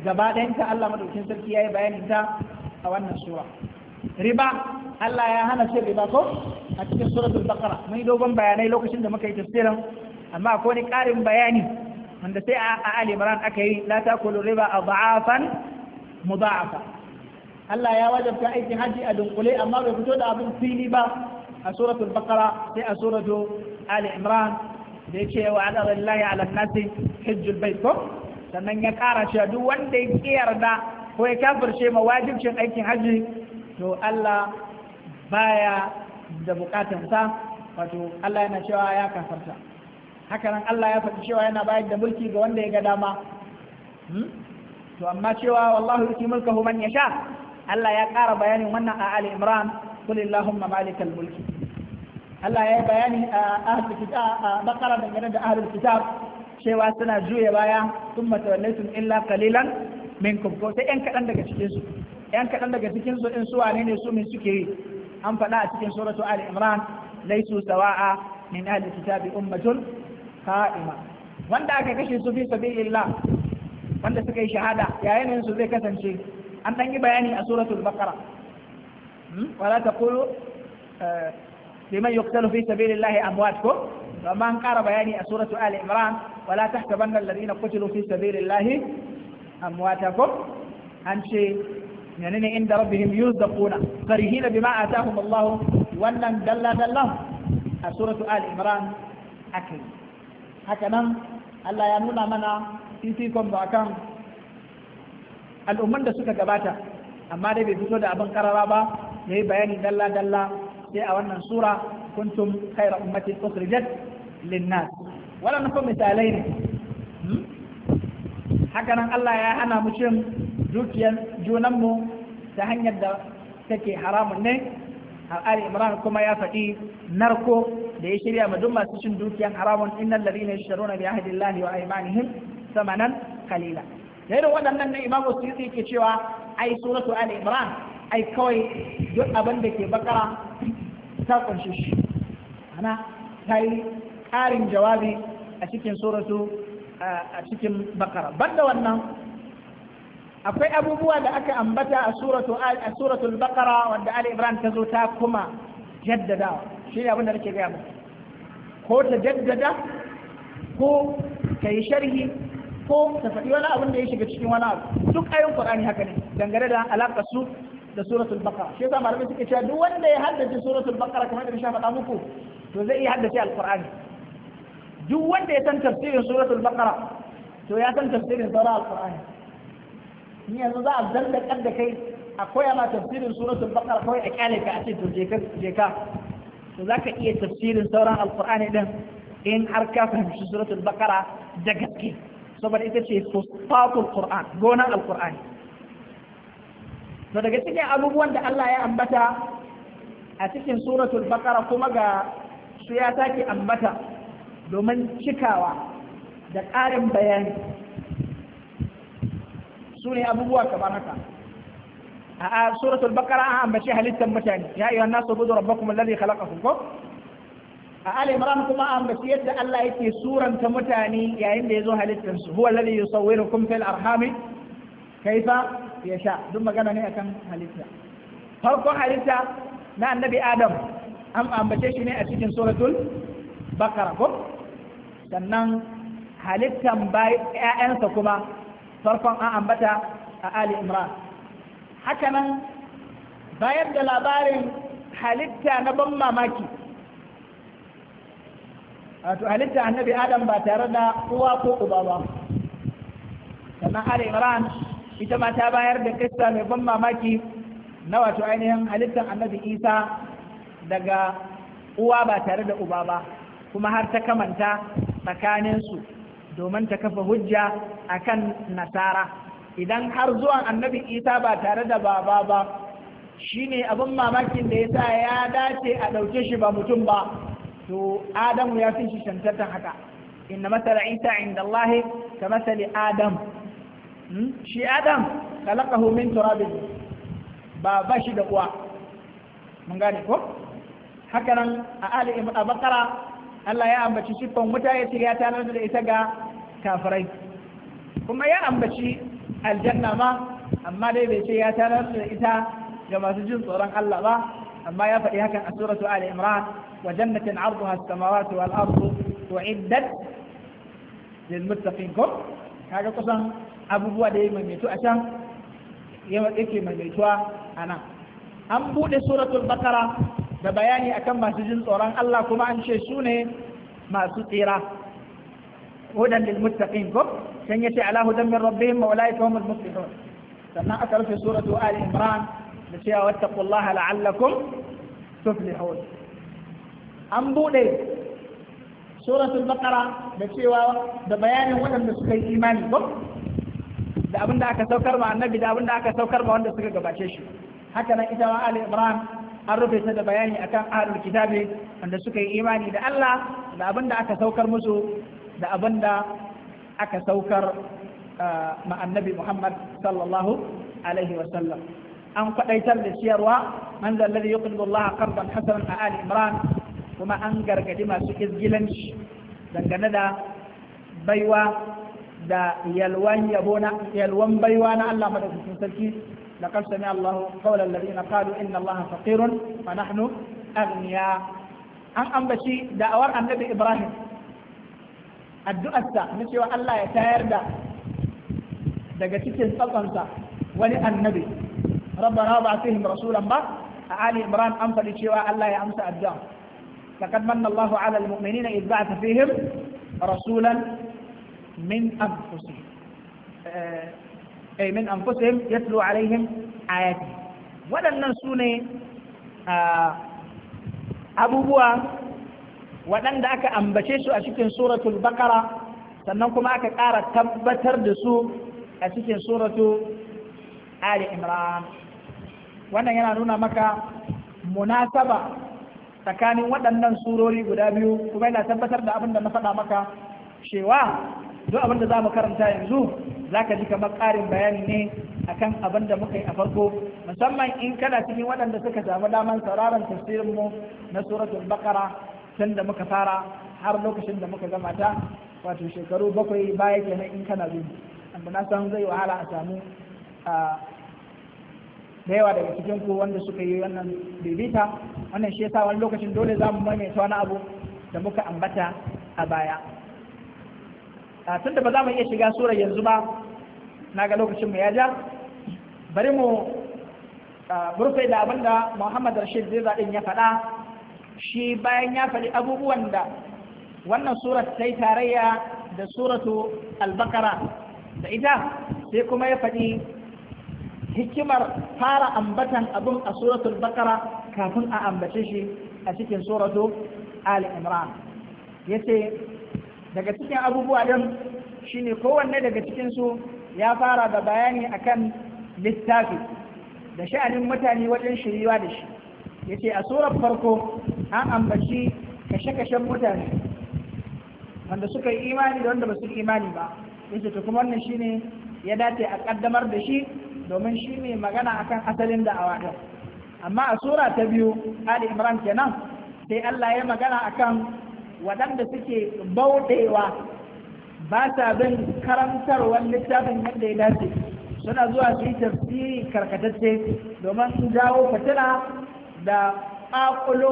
gaba ɗayanta Allah madaukin sarki yayi bayanin ta a wannan sura riba Allah ya hana cin riba ko a cikin suratul baqara mun dogon bayanai lokacin da muka yi tafsirin amma akwai wani karin bayani wanda sai a Ali Imran aka yi la takulu riba adhafan mudha'afa Allah ya wajabta aikin haji a dunkule amma bai fito da abin fili ba a suratul baqara sai a suratul Ali Imran da yake wa ala ala nasi hajjul bait ko sannan ya kara cewa duk wanda ya yarda ko ya kafirce ma wajibcin aikin haji to Allah baya da bukatansa wato Allah yana cewa ya kafarta hakanan Allah ya faɗi cewa yana bayar da mulki ga wanda ya ga dama hmm? to amma cewa wallahu yuti mulkahu man yasha Allah ya ƙara bayanin wannan a Ali Imran qul illahumma malikal mulki Allah ya yi bayani a ahlul kitab a bakara dangane da ahlul kitab cewa suna juya baya sun matawallaitum illa qalilan minkum ko sai yan kaɗan daga cikin su yan kaɗan daga cikin su ɗin su wane ne su min suke yi an faɗa a cikin suratu ali imran laisu sawa'a min ahli kitabi ummatun qa'ima wanda aka kashe su fi sabilillah wanda suka yi shahada yayin su zai kasance an dan yi bayani a suratul baqara wala taqulu liman yuqtalu fi sabilillahi amwat ko amma an ƙara bayani a suratul ali imran wala tahsabanna alladhina qutilu fi sabilillahi amwatakum an ce menene inda rabbihim yuzdaquna farihina bima atahum Allah wannan dalla dallan a suratu al imran akai haka nan Allah ya nuna mana fifikon ba kan al'umman da suka gabata amma dai bai fito da abin karara ba yayi bayani dalla dalla sai a wannan sura kuntum khayra ummatin ukhrijat linnas waɗannan fa misalai ne hmm? haka nan Allah ya hana mu cin dukiyan junanmu ta hanyar da take haramun ne Ali Imran kuma ya faɗi narko da ya shirya ma duk masu cin dukiyan haramun innal ladina yashtaruna bi ahdillahi wa aymanihim samanan qalila da irin waɗannan ne su yi yake cewa ai suratu Ali Imran ai kawai duk abin da ke bakara ta kunshi shi ana ta yi ƙarin jawabi a cikin suratu a cikin bakara banda wannan akwai abubuwa da aka ambata a suratul a baqara wanda ali Ibrahim ta zo ta kuma jaddadawa ne abin da nake gaya muku ko ta jaddada ko ta yi sharhi ko ta faɗi wani abin da ya shiga cikin wani abu duk ayin qur'ani haka ne dangane da alaƙa su da suratul baqara shi yasa malamai suke cewa duk wanda ya haddace suratul baqara kamar da na faɗa muku to zai iya haddace alqur'ani duk wanda ya san tafsirin suratul baqara to ya san tafsirin sauran alqur'ani ni yanzu za a zallakar da kai a koya ma tafsirin suratul baqara kawai a kyale ka a ce to je ka je ka iya tafsirin sauran alqur'ani din in har ka fahimci suratul baqara da gaske saboda ita ce fosfatul qur'an gonan alqur'ani to daga cikin abubuwan da Allah ya ambata a cikin suratul baqara kuma ga su ya sake ambata domin cikawa da ƙarin bayani su ne abubuwa kamar haka a suratul bakara an ambace halittar mutane ya ayyuhan nasu ubudu rabbakum alladhi khalaqakum ko a ali imran kuma an ambace yadda Allah yake suranta mutane yayin da zo halittar su huwa alladhi yusawwirukum fil arhami kaifa yasha duk magana ne akan halitta farkon halitta na annabi adam an ambace shi ne a cikin suratul bakara ko sannan halittan ƴaƴansa kuma farkon an ambata a ali imran haka nan bayar da labarin halitta na ban mamaki wato halitta annabi adam ba tare da uwa ko uba ba sannan ali imran ita ma ta bayar da kista mai ban mamaki na wato ainihin halittar annabi isa daga uwa ba tare da uba ba kuma har ta kamanta tsakaninsu domin ta kafa hujja akan nasara idan har zuwan annabi isa ba tare da baba ba shine abin mamakin da ya sa ya dace a ɗauke shi ba mutum ba to adamu ya fi shi shantattan haka inna masala isa inda Allah ka masali adam hmm? shi adam khalaqahu min turabin ba ba shi da uwa mun gane ko haka nan a ali a bakara Allah ya ambaci siffan wuta ya ce ya tanar da ita ga kafirai kuma ya ambaci aljanna ma amma dai bai ce ya tanar da ita ga masu jin tsoron Allah ba amma ya faɗi hakan a suratu Ali Imran wa jannatin arduha as-samawati wal ardu uiddat lil muttaqin ko kaga kusan abubuwa da ya maimaitu a can yake maimaituwa a nan an buɗe suratul bakara da bayani akan masu jin tsoron Allah kuma an ce su ne masu tsira hudan lil muttaqin ko san yace ala hudan min rabbihim wa ulaika humul muflihun sannan aka rufe suratu ali imran da cewa wattaqullaha la'allakum tuflihun an bude suratul baqara da cewa da bayanin waɗanda suka yi imani ko da abinda aka saukar ma annabi da abinda aka saukar ma wanda suka gabace shi haka nan ita ma ali imran an rufe ta da bayani akan ahlul kitabe wanda suka yi imani da Allah da abin da aka saukar musu da abin da aka saukar uh, ma annabi Muhammad sallallahu alaihi wa sallam an kwadaitar da ciyarwa man zalladhi yuqridu Allah qardan hasanan a ali imran kuma an gargadi masu izgilanci dangane da baiwa da yalwan yalwan baiwa na Allah madaukakin sarki لقد سمع الله قول الذين قالوا إن الله فقير ونحن أغنياء أن أنبشي دعوار النبي إبراهيم الدؤى السا نتيو يتاير دا دا ولي النبي ربنا وضع فيهم رسولا با عالي إبراهيم أنفل إتيو الله يأمس الدعاء لقد من الله على المؤمنين إذ بعث فيهم رسولا من أنفسهم آه، ay min anfusihim yatlu alaihim ayati waɗannan su abubuwa waɗanda aka ambace su a cikin suratul bakara sannan kuma aka ƙara tabbatar da su a cikin suratu ali imran wannan yana nuna maka munasaba tsakanin waɗannan surori guda biyu kuma yana tabbatar da abin da na faɗa maka cewa duk abin da za mu karanta yanzu za ka ji kamar ƙarin bayani ne akan abin da muka yi a farko musamman in kana cikin waɗanda suka samu daman sauraron tafsirin mu na suratul baqara tun da muka fara har lokacin da muka gama ta wato shekaru bakwai baya kenan in kana zuwa amma na san zai wahala a samu da yawa daga cikin ku wanda suka yi wannan bibita wannan shi yasa wani lokacin dole za mu maimaita wani abu da muka ambata a baya tunda ba za mu iya shiga surar yanzu ba na ga lokacin mu ya ja bari mu burfe da abin da Muhammad Rashid zai zaɗin ya faɗa shi bayan ya faɗi abubuwan da wannan surar ta yi tarayya da suratu albakara da ita sai kuma ya faɗi hikimar fara ambatan abin a suratul bakara kafin a ambace shi a cikin suratu Ali Imran ce. daga cikin abubuwa don shine kowanne daga cikinsu ya fara da bayani akan littafi da sha'anin mutane wajen shiriwa da shi ya ce a surar farko an ambaci kashe-kashen mutane wanda suka yi imani da wanda ba su imani ba ya ce kuma wannan shine ya dace a kaddamar da shi domin shi ne magana akan asalin da'awa ɗin amma a sura ta biyu ali imran kenan sai allah ya magana akan waɗanda suke bauɗewa ba sa bin karantarwar littafin yadda ya dace suna zuwa su yi tafsiri karkatacce domin jawo fitina da ƙaƙulo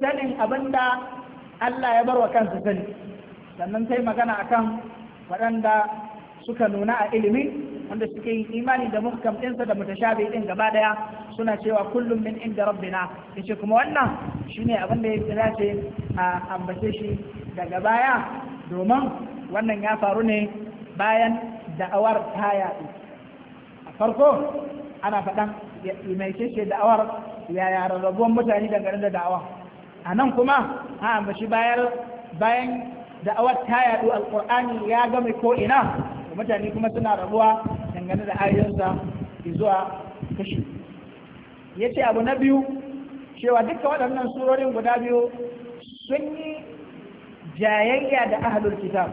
sanin abin da Allah ya bar wa kansu sani sannan sai magana akan waɗanda suka nuna a ilimi wanda suke yi imani da muhkam ɗinsa da mutashabi ɗin gaba ɗaya suna cewa kullum min inda rabbina yace kuma wannan shine abin da ya dace a ambace shi daga baya domin wannan ya faru ne bayan da'awar ta yaɗu a farko ana faɗan mai ce da'awar ya yara rabuwan mutane dangane da da'awa a nan kuma a ambaci bayan da'awar ta yaɗu alƙur'ani ya gami ko ina mutane kuma suna rabuwa dangane da ayoyinsa zuwa kashi ya ce abu na biyu cewa duka waɗannan surorin guda biyu sun yi jayayya da ahalul kitab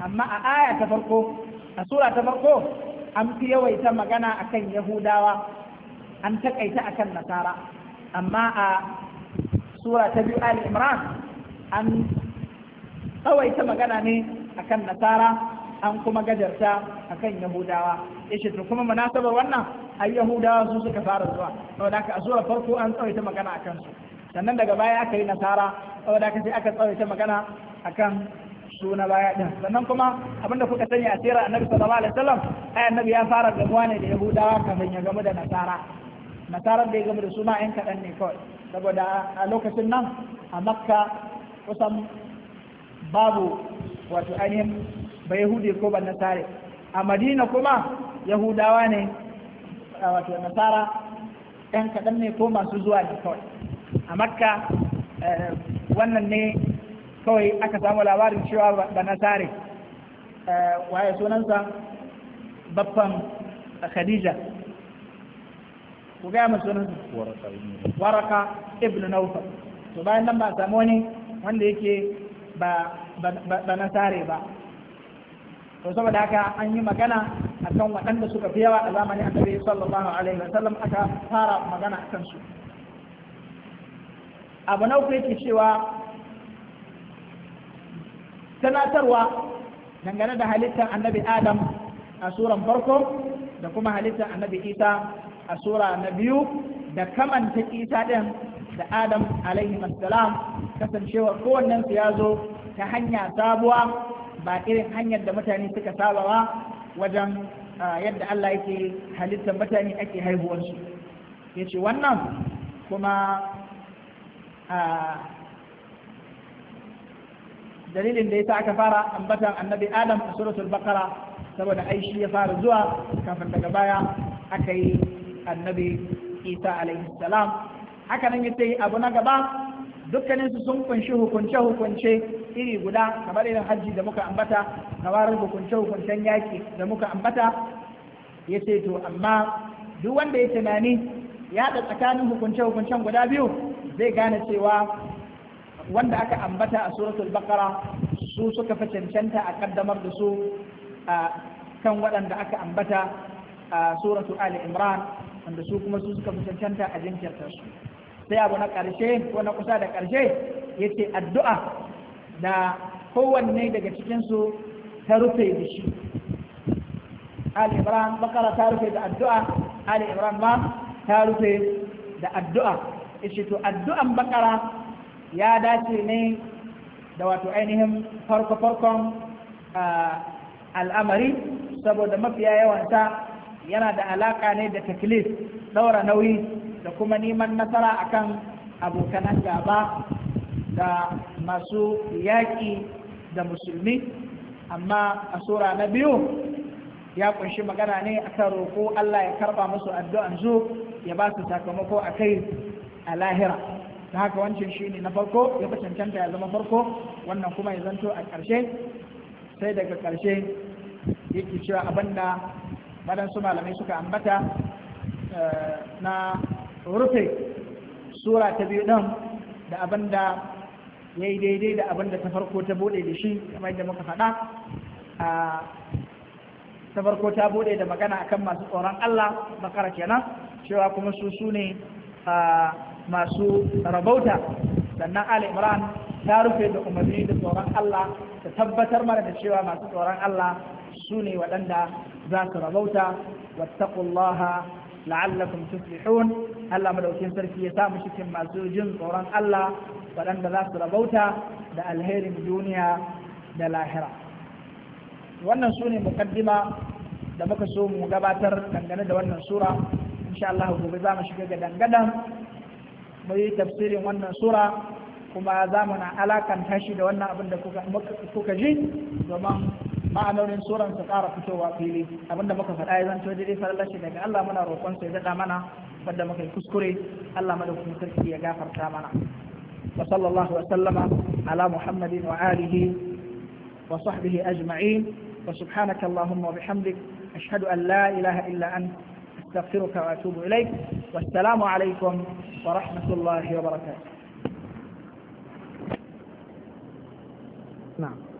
amma a aya ta farko a sura ta farko an fi yawaita magana akan yahudawa an takaita akan nasara amma a sura ta biyu al imran an tsawaita magana ne akan nasara an kuma gajarta akan yahudawa yace to kuma munasabar wannan ai yahudawa su suka fara zuwa saboda haka a zuwa farko an tsawaita magana a kansu sannan daga baya aka yi nasara saboda aka sai aka tsawaita magana a su na baya ɗin sannan kuma abinda kuka sani a sirar annabi sallallahu alaihi wasallam ai annabi ya fara gamuwa ne da yahudawa kafin ya gamu da nasara nasarar da ya gamu da su ma yan kaɗan ne kawai saboda a lokacin nan a makka kusan babu wato ainihin ba yahudi ko ba nasare a madina kuma yahudawa ne wato nasara ɗan kaɗan ne ko masu zuwa ne kawai a makka eh, wannan ne kawai aka samu labarin cewa ba nasare eh, waye sunansa baffan khadija ku gaya mu sunansa waraka ibn naufa to bayan nan ba samu wani wanda yake ba nasare ba to saboda haka an yi magana akan waɗanda suka fi yawa a zamanin annabi sallallahu alaihi sallam aka fara magana a kansu. abu na uku yake cewa tunatarwa dangane da halittar annabi adam a suran farko da kuma halittar annabi isa a sura na biyu da kamanta isa ɗin da adam alaihi salam kowannensu ya zo ta hanya sabuwa ba irin hanyar da mutane suka sabawa wajen ah, yadda Allah yake halittar mutane ake haihuwarsu ya ce wannan kuma ah, dalilin da ya sa aka fara ambatan annabi adam a suratul bakara saboda Aishi ya fara zuwa kafin daga baya aka yi annabi isa alaihi salam haka nan ya abu na gaba dukkaninsu sun kunshi hukunce-hukunce iri guda kamar irin hajji da muka ambata kamar hukunce hukuncen yaki da muka ambata ya ce to amma duk wanda ya tunani ya da tsakanin hukunce hukuncen guda biyu zai gane cewa wanda aka ambata a suratul bakara su suka fi cancanta a kaddamar da su a kan waɗanda aka ambata a suratu ali imran wanda su kuma su suka fi cancanta a jinkirta su sai abu na ƙarshe ko na kusa da ƙarshe ya ce addu'a da kowanne daga cikinsu ta rufe da shi ali bakara ta rufe da addu'a ali ma ta rufe da addu'a ishe to addu'an bakara ya dace ne da wato ainihin farko-farkon al'amari saboda mafiya yawanta yana da alaƙa ne da taklif daura nauyi da kuma neman nasara akan abokanan gaba da masu yaƙi da musulmi amma a sura na biyu ya kunshi magana ne a kan roƙo Allah ya karɓa musu addu'an zo ya ba su sakamako a kai a lahira ta haka wancan shi ne na farko ya fi cancanta ya zama farko wannan kuma ya zanto a ƙarshe sai daga ƙarshe yake cewa abin da waɗansu malamai suka ambata eh, na rufe sura ta biyu ɗin da abin da ya yi daidai da abin da ta farko ta bude da shi kamar yadda muka faɗa ta farko ta bude da magana akan masu tsoron Allah bakara kenan cewa kuma su su ne masu rabauta sannan Ali Imran ta rufe da umarni da tsoron Allah ta tabbatar mana da cewa masu tsoron Allah su ne waɗanda za su rabauta wattaqullaha la'allakum tuflihun Allah madaukin sarki ya samu cikin masu jin tsoron Allah waɗanda za su rabauta da alherin duniya da lahira wannan su ne mukaddima da muka so mu gabatar dangane da wannan sura insha Allah gobe za mu shiga ga dangadan mu yi tafsirin wannan sura kuma za mu na alakanta tashi da wannan abin da kuka ji domin ma'anonin suran su ƙara fitowa fili abinda muka faɗa ya zanto dai farallar shi daga Allah muna roƙon sai daɗa mana wanda muka yi kuskure Allah madaukakin sarki ya gafarta mana wa sallallahu wa sallama ala muhammadin wa alihi wa sahbihi ajma'in wa subhanaka allahumma wa bihamdik ashhadu an la ilaha illa ant استغفرك واتوب اليك والسلام عليكم ورحمه الله وبركاته نعم